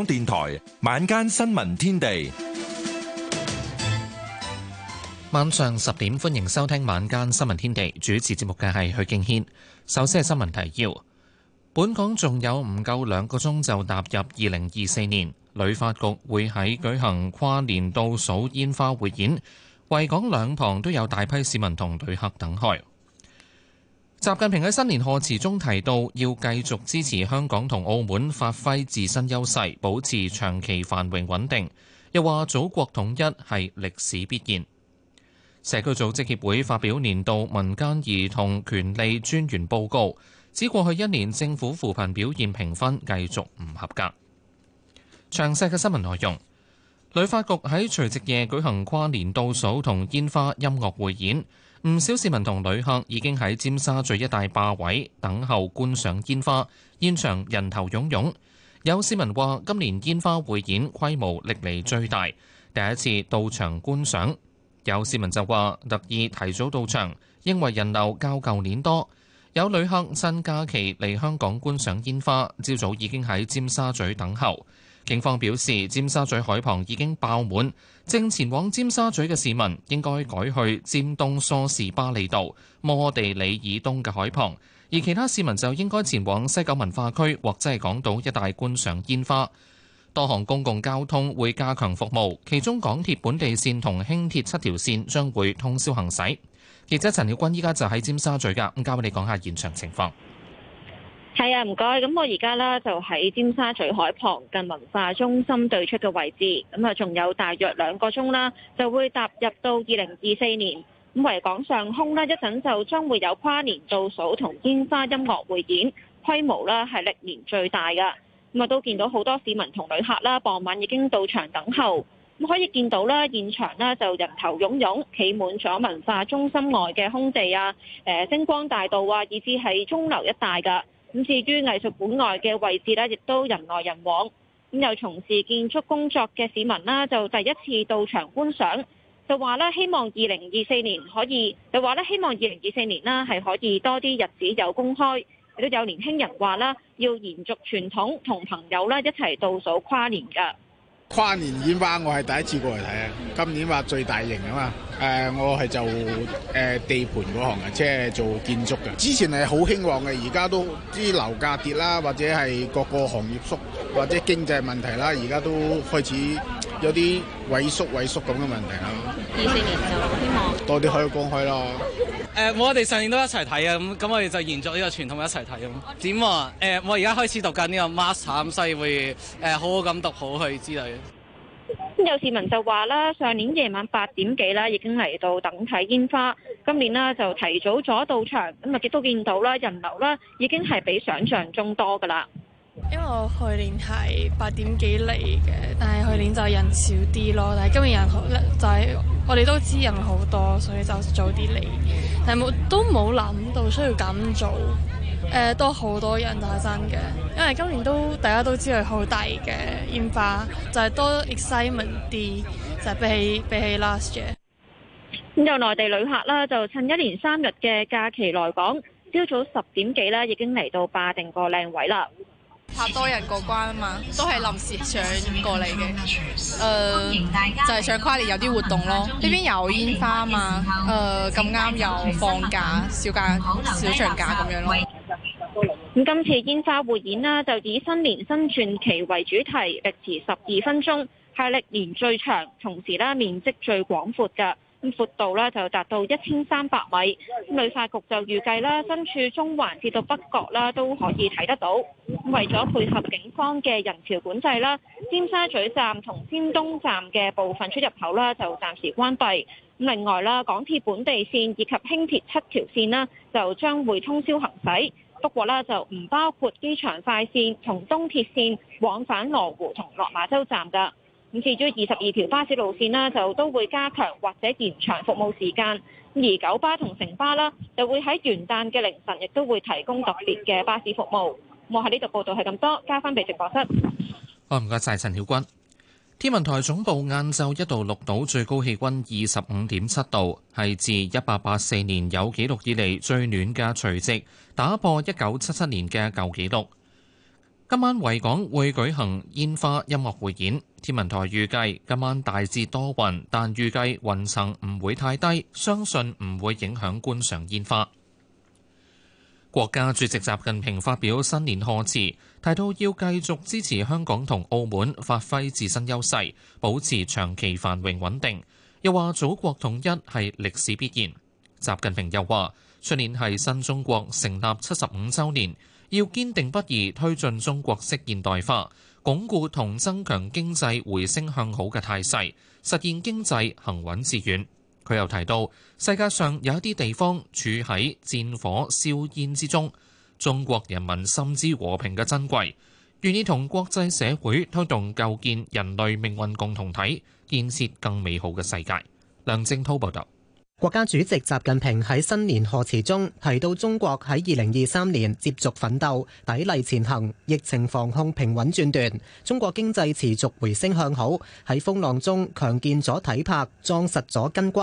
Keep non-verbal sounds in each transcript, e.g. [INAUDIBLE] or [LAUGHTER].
港電台晚間新聞天地，晚上十點歡迎收聽晚間新聞天地。主持節目嘅係許敬軒。首先係新聞提要，本港仲有唔夠兩個鐘就踏入二零二四年，旅發局會喺舉行跨年倒數煙花匯演，維港兩旁都有大批市民同旅客等開。習近平喺新年賀詞中提到，要繼續支持香港同澳門發揮自身優勢，保持長期繁榮穩定。又話祖國統一係歷史必然。社區組織協會發表年度民間兒童權利專員報告，指過去一年政府扶貧表現評分繼續唔合格。詳細嘅新聞內容，旅發局喺除夕夜舉行跨年倒數同煙花音樂會演。唔少市民同旅客已經喺尖沙咀一帶霸位等候觀賞煙花，現場人頭湧湧。有市民話：今年煙花匯演規模歷嚟最大，第一次到場觀賞。有市民就話特意提早到場，因為人流較舊年多。有旅客趁假期嚟香港觀賞煙花，朝早已經喺尖沙咀等候。警方表示，尖沙咀海旁已經爆滿，正前往尖沙咀嘅市民應該改去尖東梳士巴利道、摩地里以東嘅海旁，而其他市民就應該前往西九文化區或者係港島一帶觀賞煙花。多項公共交通會加強服務，其中港鐵本地綫同輕鐵七條綫將會通宵行駛。記者陳曉君依家就喺尖沙咀噶，咁交俾你講下現場情況。係啊，唔該。咁我而家呢，就喺尖沙咀海旁近文化中心對出嘅位置。咁啊，仲有大約兩個鐘啦，就會踏入到二零二四年。咁維港上空呢，一陣就將會有跨年倒數同煙花音樂匯演，規模呢係歷年最大嘅。咁啊，都見到好多市民同旅客啦，傍晚已經到場等候。咁可以見到啦，現場呢，就人頭湧湧，企滿咗文化中心外嘅空地啊、誒星光大道啊，以至係鐘樓一帶噶。咁至於藝術館外嘅位置咧，亦都人來人往。咁有從事建築工作嘅市民啦，就第一次到場觀賞，就話咧希望二零二四年可以，就話咧希望二零二四年啦係可以多啲日子有公開。亦都有年輕人話啦，要延續傳統，同朋友咧一齊倒數跨年嘅。跨年煙花我係第一次過嚟睇啊！今年話最大型啊嘛，誒、呃、我係就誒、呃、地盤嗰行嘅，即、就、係、是、做建築嘅。之前係好興旺嘅，而家都啲樓價跌啦，或者係各個行業縮，或者經濟問題啦，而家都開始。有啲萎縮萎縮咁嘅問題啦，二四年就希望多啲可以公開咯。誒、呃，我哋上年都一齊睇啊，咁咁我哋就延續呢個傳統一齊睇咯。點啊？誒、呃，我而家開始讀緊呢個 master，所以會誒、呃、好好咁讀好佢之類。有市民就話啦，上年夜晚八點幾啦，已經嚟到等睇煙花，今年呢就提早咗到場，咁啊亦都見到啦人流啦，已經係比想象中多噶啦。因為我去年係八點幾嚟嘅，但係去年就人少啲咯。但係今年人好，就係、是、我哋都知人好多，所以就早啲嚟。但係冇都冇諗到需要咁做，誒、呃，多好多人，但係真嘅，因為今年都大家都知佢好大嘅煙花，就係、是、多 excitement 啲，就是、比起比起 last 嘅。e a 咁就內地旅客啦，就趁一連三日嘅假期來港，朝早十點幾咧，已經嚟到霸定個靚位啦。怕多人過關啊嘛，都係臨時上過嚟嘅。誒、呃，就係想跨年有啲活動咯。呢邊有煙花啊嘛。誒、呃，咁啱又放假、小假、小長假咁樣咯。咁今次煙花匯演啦，就以新年新傳奇為主題，歷時十二分鐘，係歷年最長，同時咧面積最廣闊嘅。咁闊度咧就達到一千三百米，旅發局就預計啦，身處中環至到北角啦都可以睇得到。咁為咗配合警方嘅人潮管制啦，尖沙咀站同尖東站嘅部分出入口啦就暫時關閉。另外啦，港鐵本地線以及輕鐵七條線啦就將會通宵行駛，不過咧就唔包括機場快線同東鐵線往返羅湖同落馬洲站嘅。咁至於二十二條巴士路線啦，就都會加強或者延長服務時間。咁而九巴同城巴啦，就會喺元旦嘅凌晨亦都會提供特別嘅巴士服務。我喺呢度報道係咁多，交翻俾直播室。好唔該曬陳曉君。天文台總部晏晝一度錄到最高氣温二十五點七度，係自一八八四年有記錄以嚟最暖嘅除夕，打破一九七七年嘅舊紀錄。今晚維港會舉行煙花音樂匯演，天文台預計今晚大致多雲，但預計雲層唔會太低，相信唔會影響觀賞煙花。國家主席習近平發表新年賀詞，提到要繼續支持香港同澳門發揮自身優勢，保持長期繁榮穩定。又話祖國統一係歷史必然。習近平又話：出年係新中國成立七十五週年。要堅定不移推進中國式現代化，鞏固同增強經濟回升向好嘅態勢，實現經濟行穩致遠。佢又提到，世界上有一啲地方處喺戰火硝煙之中，中國人民深知和平嘅珍貴，願意同國際社會推動構建人類命運共同體，建設更美好嘅世界。梁正濤報道。國家主席習近平喺新年賀詞中提到，中國喺二零二三年接續奮鬥、砥礪前行，疫情防控平穩轉段，中國經濟持續回升向好，喺風浪中強健咗體魄、壯實咗筋骨。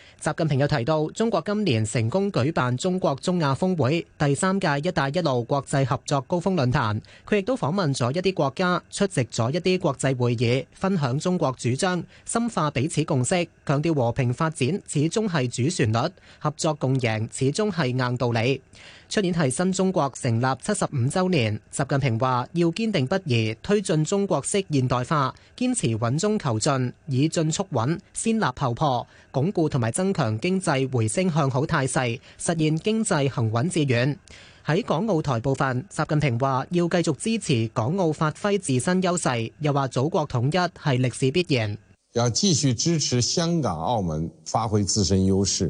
習近平又提到，中國今年成功舉辦中國中亞峰會、第三屆“一帶一路”國際合作高峰論壇，佢亦都訪問咗一啲國家，出席咗一啲國際會議，分享中國主張，深化彼此共識，強調和平發展始終係主旋律，合作共贏始終係硬道理。出年係新中國成立七十五週年，習近平話要堅定不移推進中國式現代化，堅持穩中求進，以進促穩，先立後破，鞏固同埋增強經濟回升向好態勢，實現經濟行穩致遠。喺港澳台部分，習近平話要繼續支持港澳發揮自身優勢，又話祖國統一係歷史必然。要繼續支持香港、澳門發揮自身優勢。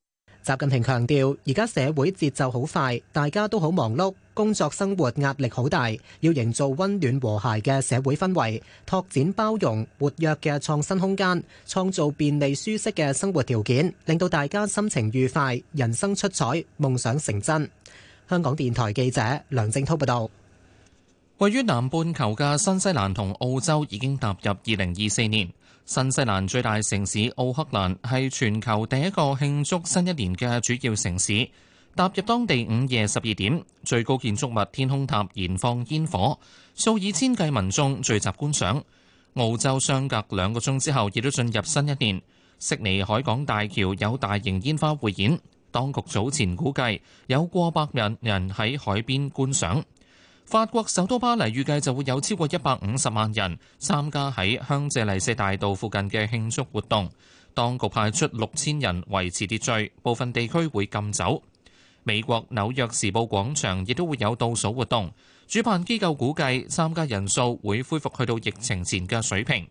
習近平強調，而家社會節奏好快，大家都好忙碌，工作生活壓力好大，要營造溫暖和諧嘅社會氛圍，拓展包容活躍嘅創新空間，創造便利舒適嘅生活條件，令到大家心情愉快，人生出彩，夢想成真。香港電台記者梁正濤報道。位於南半球嘅新西蘭同澳洲已經踏入二零二四年。新西蘭最大城市奧克蘭係全球第一個慶祝新一年嘅主要城市，踏入當地午夜十二點，最高建築物天空塔燃放煙火，數以千計民眾聚集觀賞。澳洲相隔兩個鐘之後亦都進入新一年，悉尼海港大橋有大型煙花匯演，當局早前估計有過百人人喺海邊觀賞。法國首都巴黎預計就會有超過一百五十萬人參加喺香榭麗舍大道附近嘅慶祝活動，當局派出六千人維持秩序，部分地區會禁酒。美國紐約時報廣場亦都會有倒數活動，主辦機構估計參加人數會恢復去到疫情前嘅水平。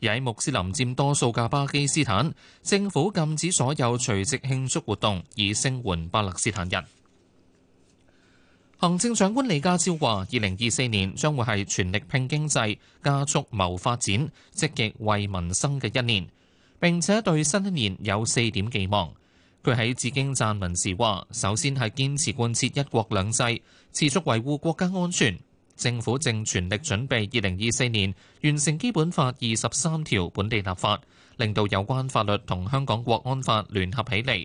而喺穆斯林佔多數嘅巴基斯坦，政府禁止所有除夕慶祝活動，以聲援巴勒斯坦人。行政長官李家超話：二零二四年將會係全力拼經濟、加速謀發展、積極為民生嘅一年。並且對新一年有四點寄望。佢喺紫荊撰文時話：首先係堅持貫徹一國兩制，持續維護國家安全。政府正全力準備二零二四年完成基本法二十三條本地立法，令到有關法律同香港國安法聯合起嚟。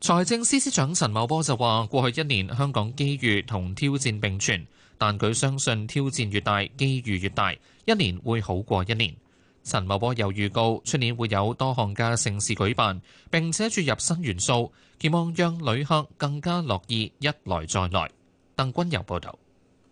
財政司司長陳茂波就話：過去一年香港機遇同挑戰並存，但佢相信挑戰越大，機遇越大，一年會好過一年。陳茂波又預告，出年會有多項嘅盛事舉辦，並且注入新元素，期望讓旅客更加樂意一來再來。鄧君柔報導。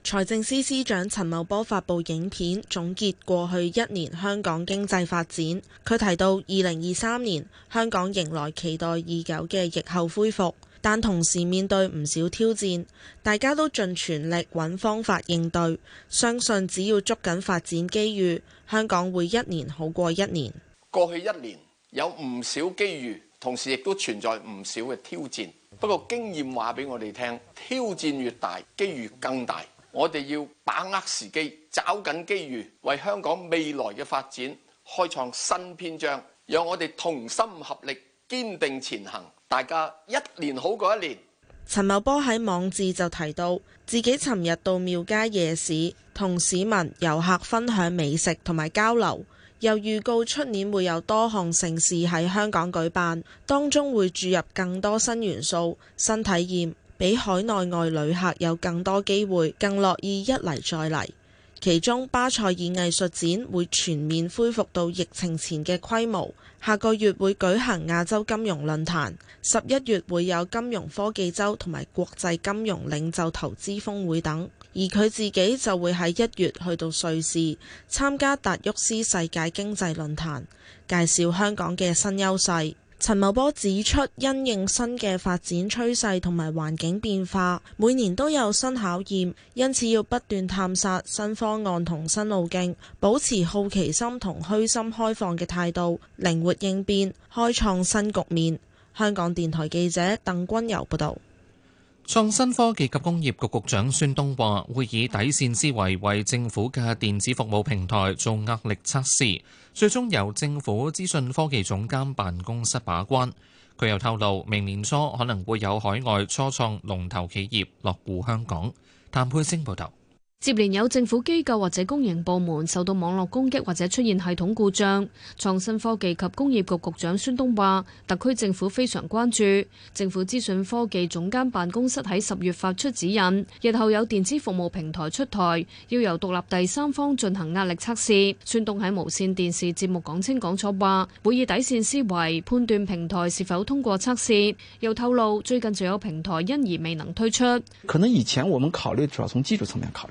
財政司司長陳茂波發佈影片總結過去一年香港經濟發展。佢提到，二零二三年香港迎來期待已久嘅疫後恢復，但同時面對唔少挑戰，大家都盡全力揾方法應對。相信只要捉緊發展機遇，香港會一年好過一年。過去一年有唔少機遇，同時亦都存在唔少嘅挑戰。不過經驗話俾我哋聽，挑戰越大，機遇更大。我哋要把握時機，抓緊機遇，為香港未來嘅發展開創新篇章，讓我哋同心合力，堅定前行。大家一年好過一年。陳茂波喺網誌就提到，自己尋日到廟街夜市，同市民遊客分享美食同埋交流，又預告出年會有多項盛事喺香港舉辦，當中會注入更多新元素、新體驗。俾海內外旅客有更多機會，更樂意一嚟再嚟。其中，巴塞爾藝術展會全面恢復到疫情前嘅規模。下個月會舉行亞洲金融論壇，十一月會有金融科技周同埋國際金融領袖投資峰會等。而佢自己就會喺一月去到瑞士參加達沃斯世界經濟論壇，介紹香港嘅新優勢。陳茂波指出，因應新嘅發展趨勢同埋環境變化，每年都有新考驗，因此要不斷探索新方案同新路徑，保持好奇心同虛心開放嘅態度，靈活應變，開創新局面。香港電台記者鄧君遊報導。創新科技及工業局局長孫東話：會以底線思維為政府嘅電子服務平台做壓力測試，最終由政府資訊科技總監辦公室把關。佢又透露，明年初可能會有海外初創龍頭企業落戶香港。譚佩星報道。接連有政府機構或者公營部門受到網絡攻擊或者出現系統故障，創新科技及工業局局長孫東話：特區政府非常關注。政府資訊科技總監辦公室喺十月發出指引，日後有電子服務平台出台，要由獨立第三方進行壓力測試。孫東喺無線電視節目講清講楚話，會以底線思維判斷平台是否通過測試。又透露最近就有平台因而未能推出。可能以前我們考慮主要從技術層面考慮。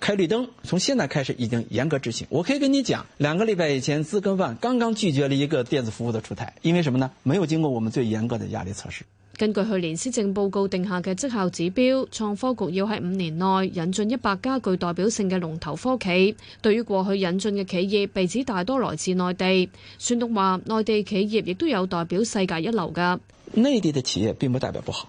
開綠燈，從現在開始已經嚴格執行。我可以跟你講，兩個禮拜以前，資科辦剛剛拒絕了一個電子服務的出台，因為什麼呢？沒有經過我們最嚴格的壓力測試。根據去年施政報告定下嘅績效指標，創科局要喺五年內引進一百家具代表性嘅龍頭科企。對於過去引進嘅企業，被指大多來自內地。孫東話，內地企業亦都有代表世界一流嘅。內地嘅企業並不代表不好。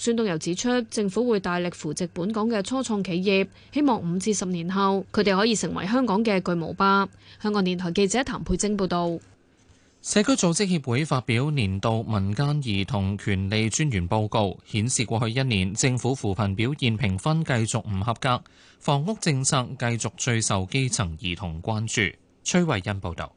孫東又指出，政府會大力扶植本港嘅初創企業，希望五至十年後，佢哋可以成為香港嘅巨無霸。香港電台記者譚佩晶報道。社區組織協會發表年度民間兒童權利專員報告，顯示過去一年政府扶貧表現評分繼續唔合格，房屋政策繼續最受基層兒童關注。崔慧欣報道。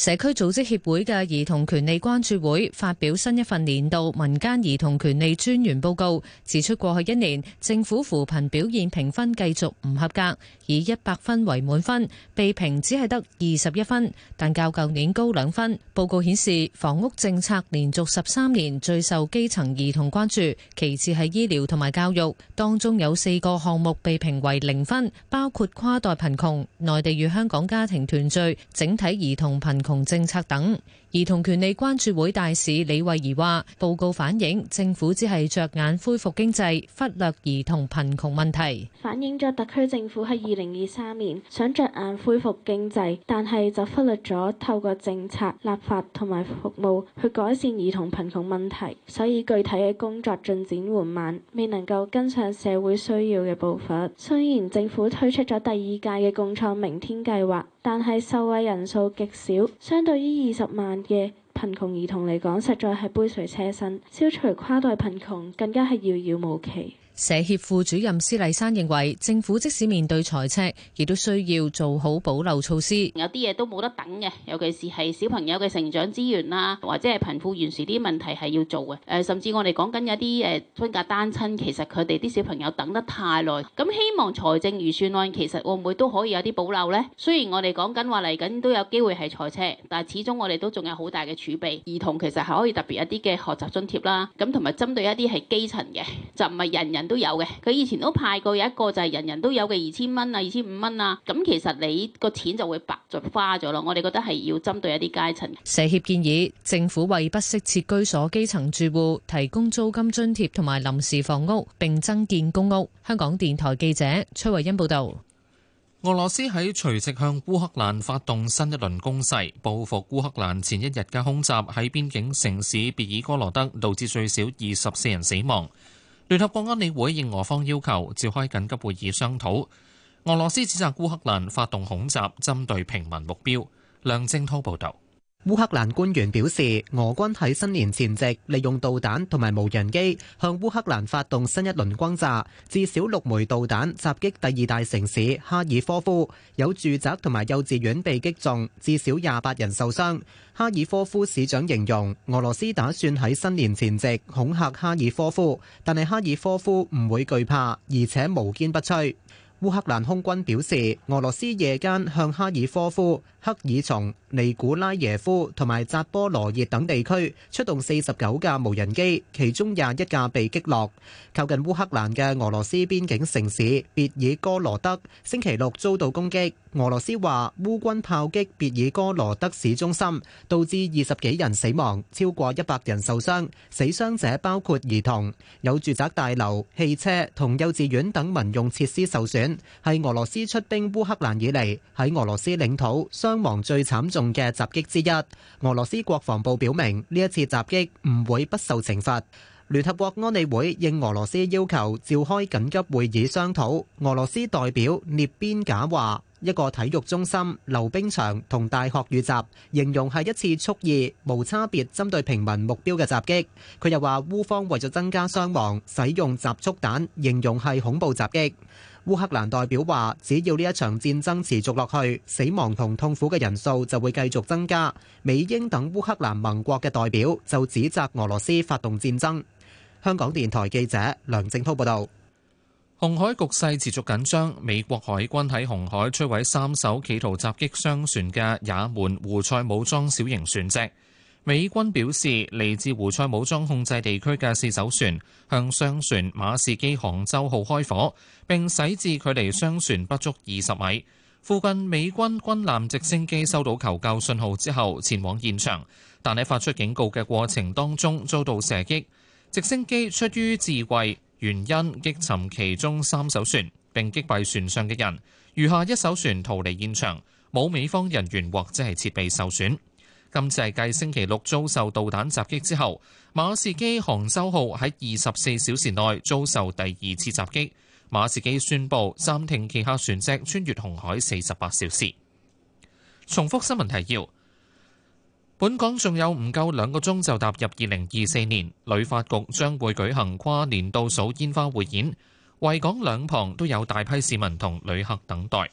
社區組織協會嘅兒童權利關注會發表新一份年度民間兒童權利專員報告，指出過去一年政府扶貧表現評分繼續唔合格，以一百分為滿分，被評只係得二十一分，但較舊年高兩分。報告顯示房屋政策連續十三年最受基層兒童關注，其次係醫療同埋教育，當中有四個項目被評為零分，包括跨代貧窮、內地與香港家庭團聚、整體兒童貧窮、同政策等。兒童權利關注會大使李慧儀話：報告反映政府只係着眼恢復經濟，忽略兒童貧窮問題。反映咗特區政府喺二零二三年想着眼恢復經濟，但係就忽略咗透過政策、立法同埋服務去改善兒童貧窮問題。所以具體嘅工作進展緩慢，未能夠跟上社會需要嘅步伐。雖然政府推出咗第二屆嘅共創明天計劃，但係受惠人數極少，相對於二十萬，嘅貧窮兒童嚟講，實在係杯水車薪；消除跨代貧窮，更加係遙遙無期。社協副主任施麗珊認為，政府即使面對財赤，亦都需要做好保留措施。有啲嘢都冇得等嘅，尤其是係小朋友嘅成長資源啦，或者係貧富懸殊啲問題係要做嘅。誒、呃，甚至我哋講緊有啲誒分隔單親，其實佢哋啲小朋友等得太耐。咁希望財政預算案其實會唔會都可以有啲保留呢？雖然我哋講緊話嚟緊都有機會係財赤，但係始終我哋都仲有好大嘅儲備。兒童其實係可以特別一啲嘅學習津貼啦，咁同埋針對一啲係基層嘅，就唔係人人。都有嘅，佢以前都派過有一個就係人人都有嘅二千蚊啊、二千五蚊啊。咁其實你個錢就會白就花咗咯。我哋覺得係要針對一啲階層。社協建議政府為不適設居所基層住戶提供租金津貼同埋臨時房屋，並增建公屋。香港電台記者崔慧欣報道。俄羅斯喺隨即向烏克蘭發動新一輪攻勢，報復烏克蘭前一日嘅空襲喺邊境城市別爾哥羅德，導致最少二十四人死亡。聯合國安理會應俄方要求召開緊急會議商討。俄羅斯指責烏克蘭發動恐襲針對平民目標。梁正濤報導。烏克蘭官員表示，俄軍喺新年前夕利用導彈同埋無人機向烏克蘭發動新一輪轟炸，至少六枚導彈襲擊第二大城市哈爾科夫，有住宅同埋幼稚園被擊中，至少廿八人受傷。哈爾科夫市長形容，俄羅斯打算喺新年前夕恐嚇哈爾科夫，但係哈爾科夫唔會懼怕，而且無堅不摧。烏克蘭空軍表示，俄羅斯夜間向哈爾科夫、克爾松、尼古拉耶夫同埋扎波羅熱等地區出動四十九架無人機，其中廿一架被擊落。靠近烏克蘭嘅俄羅斯邊境城市別爾哥羅德星期六遭到攻擊。俄羅斯話烏軍炮擊別爾哥羅德市中心，導致二十幾人死亡，超過一百人受傷，死傷者包括兒童。有住宅大樓、汽車同幼稚園等民用設施受損。係俄羅斯出兵烏克蘭以嚟喺俄羅斯領土傷傷亡最慘重嘅襲擊之一，俄羅斯國防部表明呢一次襲擊唔會不受懲罰。聯合國安理會應俄羅斯要求召開緊急會議商討。俄羅斯代表涅邊賈話：一個體育中心、溜冰場同大學遇襲，形容係一次蓄意、無差別針對平民目標嘅襲擊。佢又話烏方為咗增加傷亡，使用集束彈，形容係恐怖襲擊。烏克蘭代表話：只要呢一場戰爭持續落去，死亡同痛苦嘅人數就會繼續增加。美英等烏克蘭盟國嘅代表就指責俄羅斯發動戰爭。香港電台記者梁正滔報導：紅海局勢持續緊張，美國海軍喺紅海摧毀三艘企圖襲擊商船嘅也門胡塞武裝小型船隻。美軍表示，嚟自胡塞武裝控制地區嘅四艘船向商船馬士基杭州號開火，並駛至距離商船不足二十米。附近美軍軍艦直升機收到求救信號之後前往現場，但喺發出警告嘅過程當中遭到射擊。直升機出於自衛原因擊沉其中三艘船，並擊斃船上嘅人。餘下一艘船逃離現場，冇美方人員或者係設備受損。今次係繼星期六遭受導彈襲擊之後，馬士基杭州號喺二十四小時內遭受第二次襲擊。馬士基宣布暫停旗下船隻穿越紅海四十八小時。重複新聞提要：本港仲有唔夠兩個鐘就踏入二零二四年，旅發局將會舉行跨年倒數煙花匯演。維港兩旁都有大批市民同旅客等待。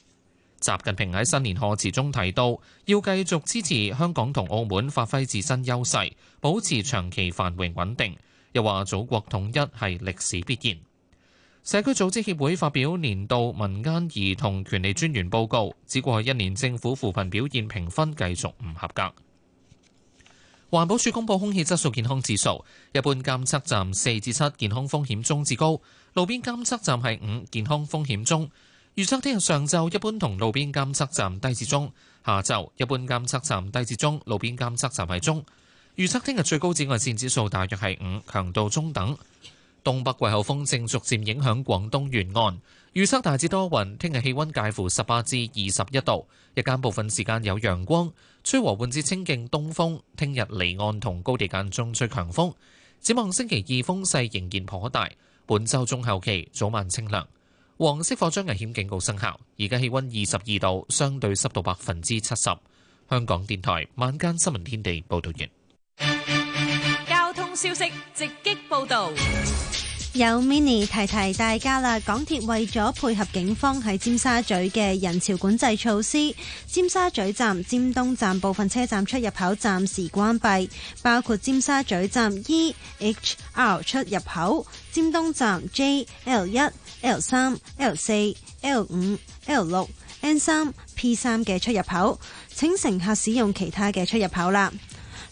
習近平喺新年賀詞中提到，要繼續支持香港同澳門發揮自身優勢，保持長期繁榮穩定。又話祖國統一係歷史必然。社區組織協會發表年度民間兒童權利專員報告，只過去一年政府扶貧表現評分繼續唔合格。環保署公布空氣質素健康指數，一般監測站四至七，7，健康風險中至高；路邊監測站係五，健康風險中。預測聽日上晝一般同路邊監測站低至中，下晝一般監測站低至中，路邊監測站係中。預測聽日最高紫外線指數大約係五，強度中等。東北季候風正逐漸影響廣東沿岸，預測大致多雲，聽日氣溫介乎十八至二十一度，日間部分時間有陽光，吹和緩至清勁東風。聽日離岸同高地間中吹強風，展望星期二風勢仍然頗大。本週中後期早晚清涼。黃色火災危險警告生效，而家氣溫二十二度，相對濕度百分之七十。香港電台晚間新聞天地報道完交通消息，直擊報道，有 mini 提提大家啦。港鐵為咗配合警方喺尖沙咀嘅人潮管制措施，尖沙咀站、尖東站部分車站出入口暫時關閉，包括尖沙咀站 E、H、R 出入口、尖東站 J、L 一、L 三、L 四、L 五、L 六、N 三、P 三嘅出入口，請乘客使用其他嘅出入口啦。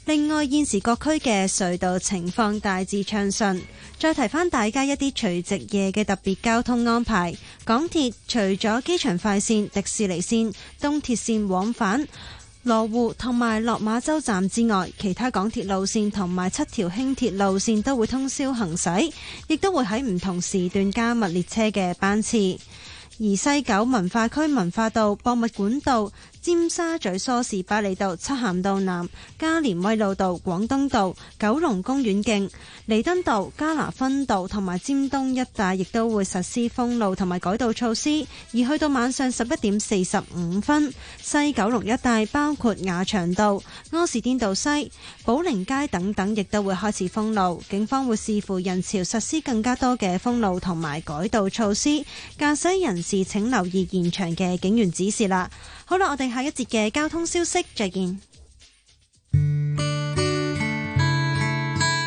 另外，現時各區嘅隧道情況大致暢順。再提返大家一啲除夕夜嘅特別交通安排，港鐵除咗機場快綫、迪士尼綫、東鐵綫往返，羅湖同埋落馬洲站之外，其他港鐵路線同埋七條輕鐵路線都會通宵行駛，亦都會喺唔同時段加密列車嘅班次。而西九文化區文化道、博物館道、尖沙咀、梳士巴利道、漆咸道南、加連威老道、廣東道、九龍公園徑、彌敦道、加拿分道，同埋尖東一帶，亦都會實施封路同埋改道措施。而去到晚上十一點四十五分，西九龍一帶包括雅翔道、柯士甸道西、寶靈街等等，亦都會開始封路。警方會視乎人潮實施更加多嘅封路同埋改道措施。駕駛人士請留意現場嘅警員指示啦。好啦，我哋下一節嘅交通消息，再見。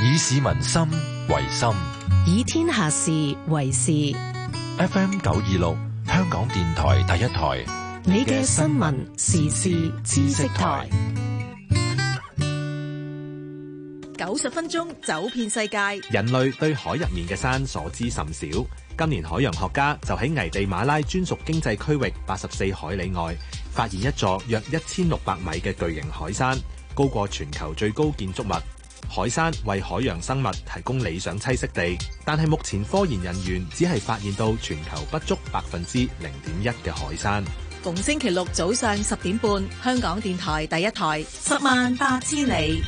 以市民心為心，以天下事為事。FM 九二六，香港電台第一台，你嘅新聞時事知識台，九十分鐘走遍世界。人類對海入面嘅山所知甚少。今年海洋學家就喺危地馬拉專屬經濟區域八十四海里外，發現一座約一千六百米嘅巨型海山，高過全球最高建築物。海山為海洋生物提供理想棲息地，但係目前科研人員只係發現到全球不足百分之零點一嘅海山。逢星期六早上十點半，香港電台第一台十萬八千里，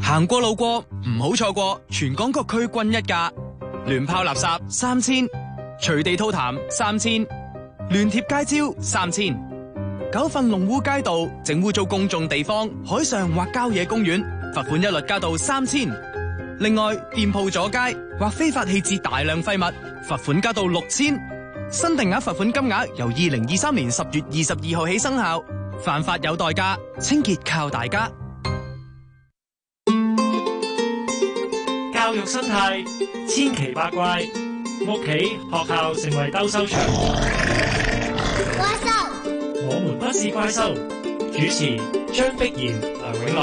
行過路過唔好錯過。全港各區均一架，亂拋垃圾三千，隨地吐痰三千，亂貼街招三千，狗糞弄污街道、整污糟公眾地方，海上或郊野公園罰款一律加到三千。另外，店鋪阻街或非法棄置大量廢物，罰款加到六千。新定額罰款金額由二零二三年十月二十二號起生效。犯法有代價，清潔靠大家。教育生態千奇百怪，屋企、學校成為鬥獸場。怪獸塞，我們不是怪獸。主持張碧然樂、梁永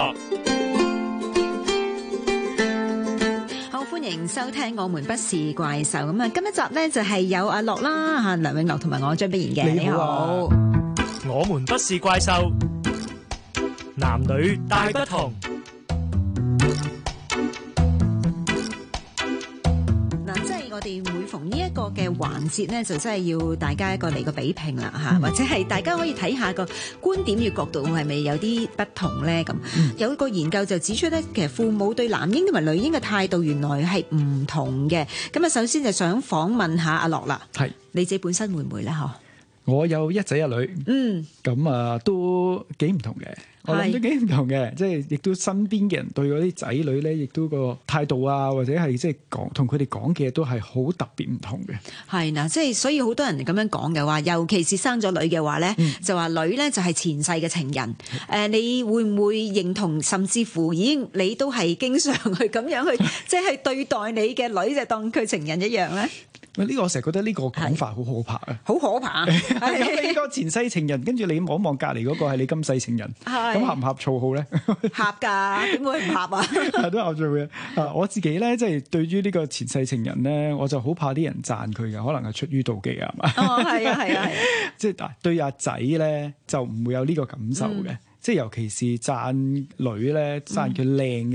樂。好，歡迎收聽《我們不是怪獸》。咁啊，今日集咧就係、是、有阿樂啦、哈梁永樂同埋我張碧然嘅。你好，啊、你好，我們不是怪獸，男女大不同。我哋每逢呢一個嘅環節咧，就真係要大家一個嚟個比拼啦，吓、嗯、或者係大家可以睇下個觀點與角度係咪有啲不同咧？咁、嗯、有一個研究就指出咧，其實父母對男嬰同埋女嬰嘅態度原來係唔同嘅。咁啊，首先就想訪問下阿樂啦，係是你自己本身會唔會咧？嗬，我有一仔一女，嗯，咁啊都幾唔同嘅。都幾唔同嘅，即係亦都身邊嘅人對嗰啲仔女咧，亦都個態度啊，或者係即係講同佢哋講嘅都係好特別唔同嘅。係啦，即係所以好多人咁樣講嘅話，尤其是生咗女嘅話咧，嗯，就話女咧就係前世嘅情人。誒、嗯、呃，你會唔會認同，甚至乎已經，你都係經常去咁樣去，即係對待你嘅女就當佢情人一樣咧？ [LAUGHS] 呢個我成日覺得呢個講法好可怕啊！好可怕，你 [LAUGHS] 個前世情人，跟住你望望隔離嗰個係你今世情人，咁的合唔合醋號咧？ [LAUGHS] 合㗎，點會唔合啊？都合作嘅。啊，我自己咧，即係對於呢個前世情人咧，我就好怕啲人讚佢嘅，可能係出於妒忌啊嘛。哦，係啊，係啊，係。 [LAUGHS] 即係嗱，對阿仔咧就唔會有呢個感受嘅，即係、嗯、尤其是讚女咧，讚佢靚、嗯。